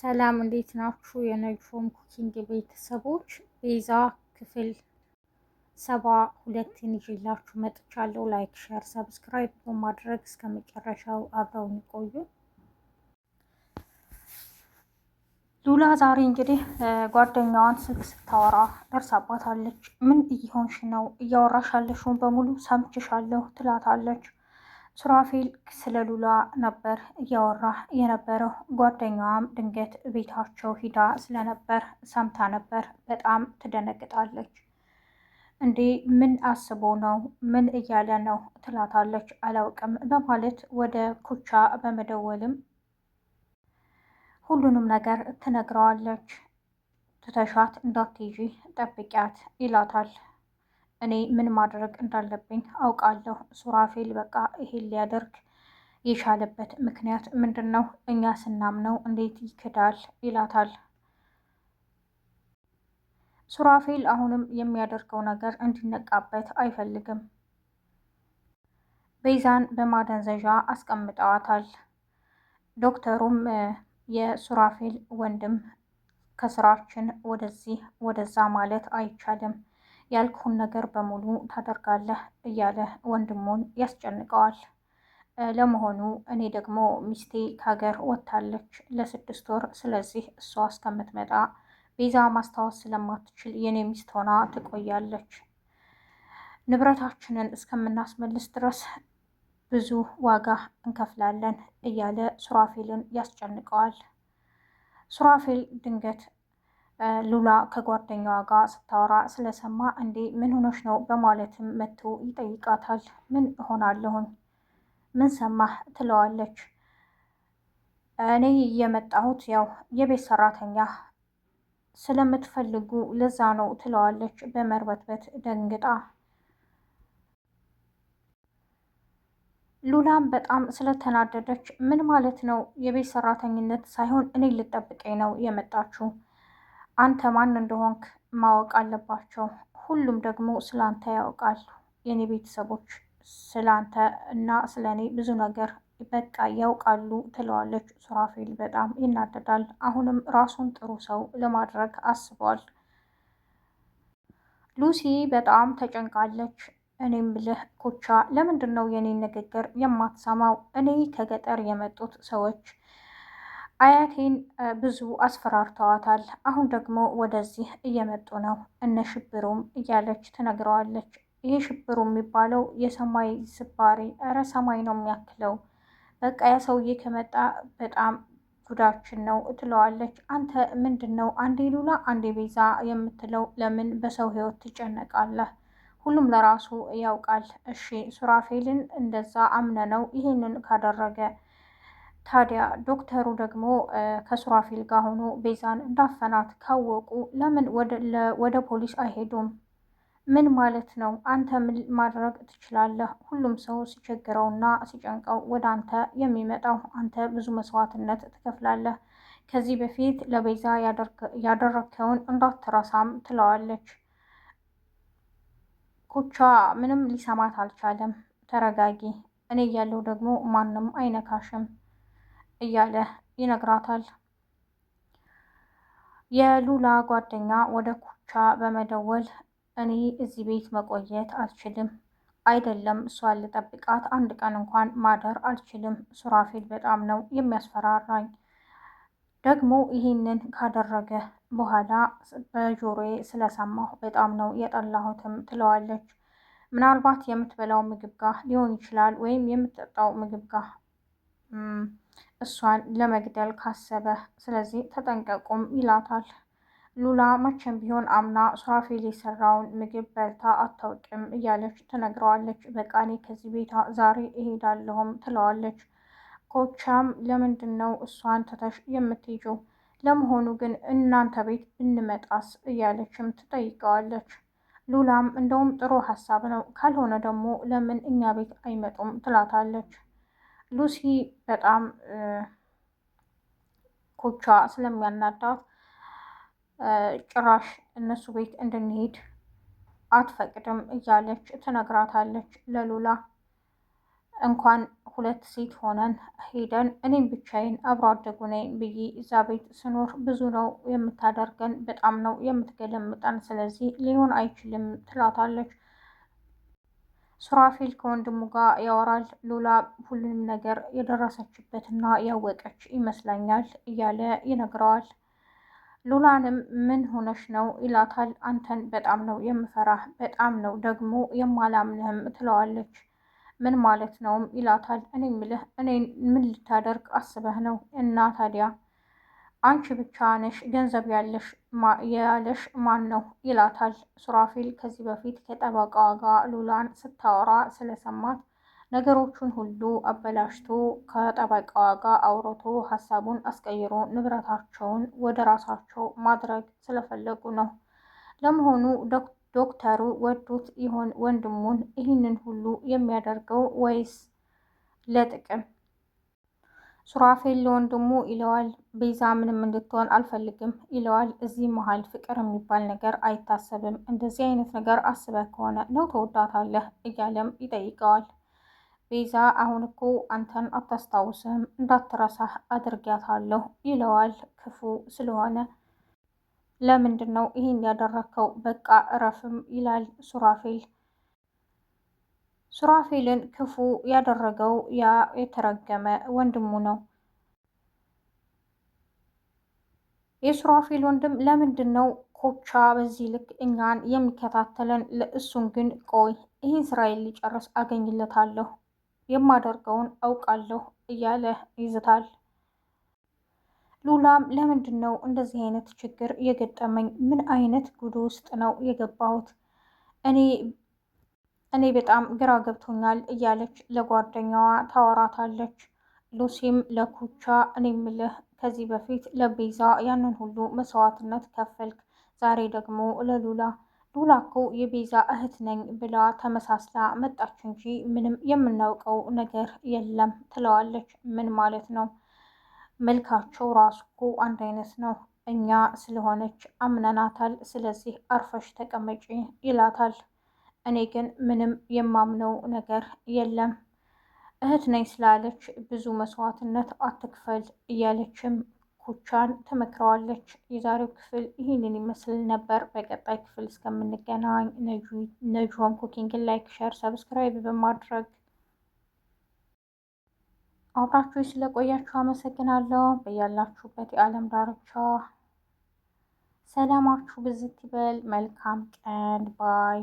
ሰላም እንዴት ናችሁ? የነጆም ኩኪንግ ቤተሰቦች ቤዛ ክፍል ሰባ ሁለትን ይዤላችሁ መጥቻለሁ። ላይክ፣ ሸር፣ ሰብስክራይብ በማድረግ እስከ መጨረሻው አብረውን ይቆዩ። ሉላ ዛሬ እንግዲህ ጓደኛዋን ስልክ ስታወራ ደርሳባታለች። ምን እየሆንሽ ነው? እያወራሽ በሙሉ ሰምችሻለሁ ትላታለች። ሱራፌል ስለ ሉላ ነበር እያወራ የነበረው። ጓደኛዋም ድንገት ቤታቸው ሂዳ ስለነበር ሰምታ ነበር። በጣም ትደነግጣለች። እንዴ ምን አስቦ ነው? ምን እያለ ነው? ትላታለች። አላውቅም በማለት ወደ ኩቻ በመደወልም ሁሉንም ነገር ትነግረዋለች። ትተሻት እንዳትይዢ ጠብቂያት ይላታል። እኔ ምን ማድረግ እንዳለብኝ አውቃለሁ። ሱራፌል በቃ ይሄን ሊያደርግ የቻለበት ምክንያት ምንድን ነው? እኛ ስናምነው እንዴት ይክዳል? ይላታል። ሱራፌል አሁንም የሚያደርገው ነገር እንዲነቃበት አይፈልግም። ቤዛን በማደንዘዣ አስቀምጠዋታል። ዶክተሩም የሱራፌል ወንድም ከስራችን ወደዚህ ወደዛ ማለት አይቻልም ያልኩን ነገር በሙሉ ታደርጋለህ እያለ ወንድሙን ያስጨንቀዋል። ለመሆኑ እኔ ደግሞ ሚስቴ ከሀገር ወጥታለች ለስድስት ወር። ስለዚህ እሷ እስከምትመጣ ቤዛ ማስታወስ ስለማትችል የኔ ሚስት ሆና ትቆያለች። ንብረታችንን እስከምናስመልስ ድረስ ብዙ ዋጋ እንከፍላለን እያለ ሱራፌልን ያስጨንቀዋል። ሱራፌል ድንገት ሉላ ከጓደኛዋ ጋር ስታወራ ስለሰማ እንዴ ምን ሆኖች ነው በማለትም መጥቶ ይጠይቃታል። ምን እሆናለሁኝ ምን ሰማህ ትለዋለች። እኔ የመጣሁት ያው የቤት ሰራተኛ ስለምትፈልጉ ለዛ ነው ትለዋለች በመርበትበት ደንግጣ። ሉላም በጣም ስለተናደደች ምን ማለት ነው የቤት ሰራተኝነት ሳይሆን እኔ ልጠብቀኝ ነው የመጣችሁ አንተ ማን እንደሆንክ ማወቅ አለባቸው። ሁሉም ደግሞ ስለ አንተ ያውቃሉ። የኔ ቤተሰቦች ስለ አንተ እና ስለ እኔ ብዙ ነገር በቃ ያውቃሉ ትለዋለች። ሱራፌል በጣም ይናደዳል። አሁንም ራሱን ጥሩ ሰው ለማድረግ አስቧል። ሉሲ በጣም ተጨንቃለች። እኔም ብልህ ኮቻ፣ ለምንድን ነው የኔን ንግግር የማትሰማው? እኔ ከገጠር የመጡት ሰዎች አያቴን ብዙ አስፈራርተዋታል። አሁን ደግሞ ወደዚህ እየመጡ ነው እነ ሽብሩም እያለች ትነግረዋለች። ይህ ሽብሩ የሚባለው የሰማይ ስባሪ፣ እረ ሰማይ ነው የሚያክለው። በቃ ያ ሰውዬ ከመጣ በጣም ጉዳችን ነው ትለዋለች። አንተ ምንድን ነው አንዴ ሉላ አንዴ ቤዛ የምትለው? ለምን በሰው ህይወት ትጨነቃለህ? ሁሉም ለራሱ ያውቃል። እሺ ሱራፌልን እንደዛ አምነ ነው ይህንን ካደረገ ታዲያ ዶክተሩ ደግሞ ከሱራፊል ጋር ሆኖ ቤዛን እንዳፈናት ካወቁ ለምን ወደ ፖሊስ አይሄዱም? ምን ማለት ነው? አንተ ምን ማድረግ ትችላለህ? ሁሉም ሰው ሲቸግረውና ሲጨንቀው ወደ አንተ የሚመጣው አንተ ብዙ መስዋዕትነት ትከፍላለህ። ከዚህ በፊት ለቤዛ ያደረግከውን እንዳትረሳም ትለዋለች። ኩቻ ምንም ሊሰማት አልቻለም። ተረጋጊ፣ እኔ እያለሁ ደግሞ ማንም አይነካሽም እያለ ይነግራታል። የሉላ ጓደኛ ወደ ኩቻ በመደወል እኔ እዚህ ቤት መቆየት አልችልም፣ አይደለም እሷን ልጠብቃት አንድ ቀን እንኳን ማደር አልችልም። ሱራፌል በጣም ነው የሚያስፈራራኝ። ደግሞ ይህንን ካደረገ በኋላ በጆሮዬ ስለሰማሁ በጣም ነው የጠላሁትም ትለዋለች። ምናልባት የምትበላው ምግብ ጋር ሊሆን ይችላል ወይም የምትጠጣው ምግብ ጋር እሷን ለመግደል ካሰበ፣ ስለዚህ ተጠንቀቁም ይላታል። ሉላ መቼም ቢሆን አምና ሱራፌል የሰራውን ምግብ በልታ አታውቅም እያለች ትነግረዋለች። በቃ እኔ ከዚህ ቤታ ዛሬ እሄዳለሁም ትለዋለች። ኮቻም ለምንድን ነው እሷን ትተሽ የምትሄጂው? ለመሆኑ ግን እናንተ ቤት እንመጣስ እያለችም ትጠይቀዋለች። ሉላም እንደውም ጥሩ ሀሳብ ነው፣ ካልሆነ ደግሞ ለምን እኛ ቤት አይመጡም ትላታለች። ሉሲ በጣም ኮቻ ስለሚያናዳት ጭራሽ እነሱ ቤት እንድንሄድ አትፈቅድም እያለች ትነግራታለች። ለሉላ እንኳን ሁለት ሴት ሆነን ሄደን እኔም ብቻዬን አብሮ አደጉ ነኝ ብዬ እዛ ቤት ስኖር ብዙ ነው የምታደርገን፣ በጣም ነው የምትገለምጠን፣ ስለዚህ ሊሆን አይችልም ትላታለች። ሱራፌል ከወንድሙ ጋር ያወራል። ሉላ ሁሉንም ነገር የደረሰችበትና ያወቀች ይመስለኛል እያለ ይነግረዋል። ሉላንም ምን ሆነሽ ነው ይላታል። አንተን በጣም ነው የምፈራህ፣ በጣም ነው ደግሞ የማላምንህም ትለዋለች። ምን ማለት ነውም ይላታል። እኔ ምልህ እኔ ምን ልታደርግ አስበህ ነው እና ታዲያ አንቺ ብቻ ነሽ ገንዘብ ያለሽ ያለሽ ማን ነው ይላታል። ሱራፊል ከዚህ በፊት ከጠበቃዋ ጋር ሉላን ስታወራ ስለሰማት ነገሮቹን ሁሉ አበላሽቶ ከጠበቃዋ ጋር አውርቶ ሀሳቡን አስቀይሮ ንብረታቸውን ወደ ራሳቸው ማድረግ ስለፈለጉ ነው። ለመሆኑ ዶክተሩ ወዱት ይሆን ወንድሙን ይህንን ሁሉ የሚያደርገው ወይስ ለጥቅም ሱራፌል ለወንድሙ ይለዋል፣ ቤዛ ምንም እንድትሆን አልፈልግም ይለዋል። እዚህ መሀል ፍቅር የሚባል ነገር አይታሰብም። እንደዚህ አይነት ነገር አስበህ ከሆነ ነው ተወዳታለህ እያለም ይጠይቀዋል። ቤዛ አሁን እኮ አንተን አታስታውስም እንዳትረሳህ አድርጊያታለሁ ይለዋል። ክፉ ስለሆነ ለምንድን ነው ይህን ያደረከው? በቃ እረፍም ይላል ሱራፌል። ሱራፌልን ክፉ ያደረገው ያ የተረገመ ወንድሙ ነው። የሱራፌል ወንድም ለምንድን ነው ኮቻ በዚህ ልክ እኛን የሚከታተለን? ለእሱን ግን ቆይ ይህን ስራዬን ሊጨርስ አገኝለታለሁ፣ የማደርገውን አውቃለሁ እያለ ይዝታል። ሉላም ለምንድን ነው እንደዚህ አይነት ችግር የገጠመኝ? ምን አይነት ጉድ ውስጥ ነው የገባሁት? እኔ እኔ በጣም ግራ ገብቶኛል እያለች ለጓደኛዋ ታወራታለች። ሉሲም ለኩቻ እኔ ምልህ ከዚህ በፊት ለቤዛ ያንን ሁሉ መስዋዕትነት ከፈልክ፣ ዛሬ ደግሞ ለሉላ ሉላ እኮ የቤዛ እህት ነኝ ብላ ተመሳስላ መጣች እንጂ ምንም የምናውቀው ነገር የለም ትለዋለች። ምን ማለት ነው? መልካቸው ራሱ እኮ አንድ አይነት ነው። እኛ ስለሆነች አምነናታል። ስለዚህ አርፈሽ ተቀመጪ ይላታል። እኔ ግን ምንም የማምነው ነገር የለም እህት ነኝ ስላለች ብዙ መስዋዕትነት አትክፈል እያለችም ኩቻን ትመክረዋለች። የዛሬው ክፍል ይህንን ይመስል ነበር። በቀጣይ ክፍል እስከምንገናኝ ነጂሆም ኩኪንግን ላይክ፣ ሸር፣ ሰብስክራይብ በማድረግ አብራችሁ ስለቆያችሁ አመሰግናለሁ። በያላችሁበት የዓለም ዳርቻ ሰላማችሁ ብዝት ይበል። መልካም ቀን ባይ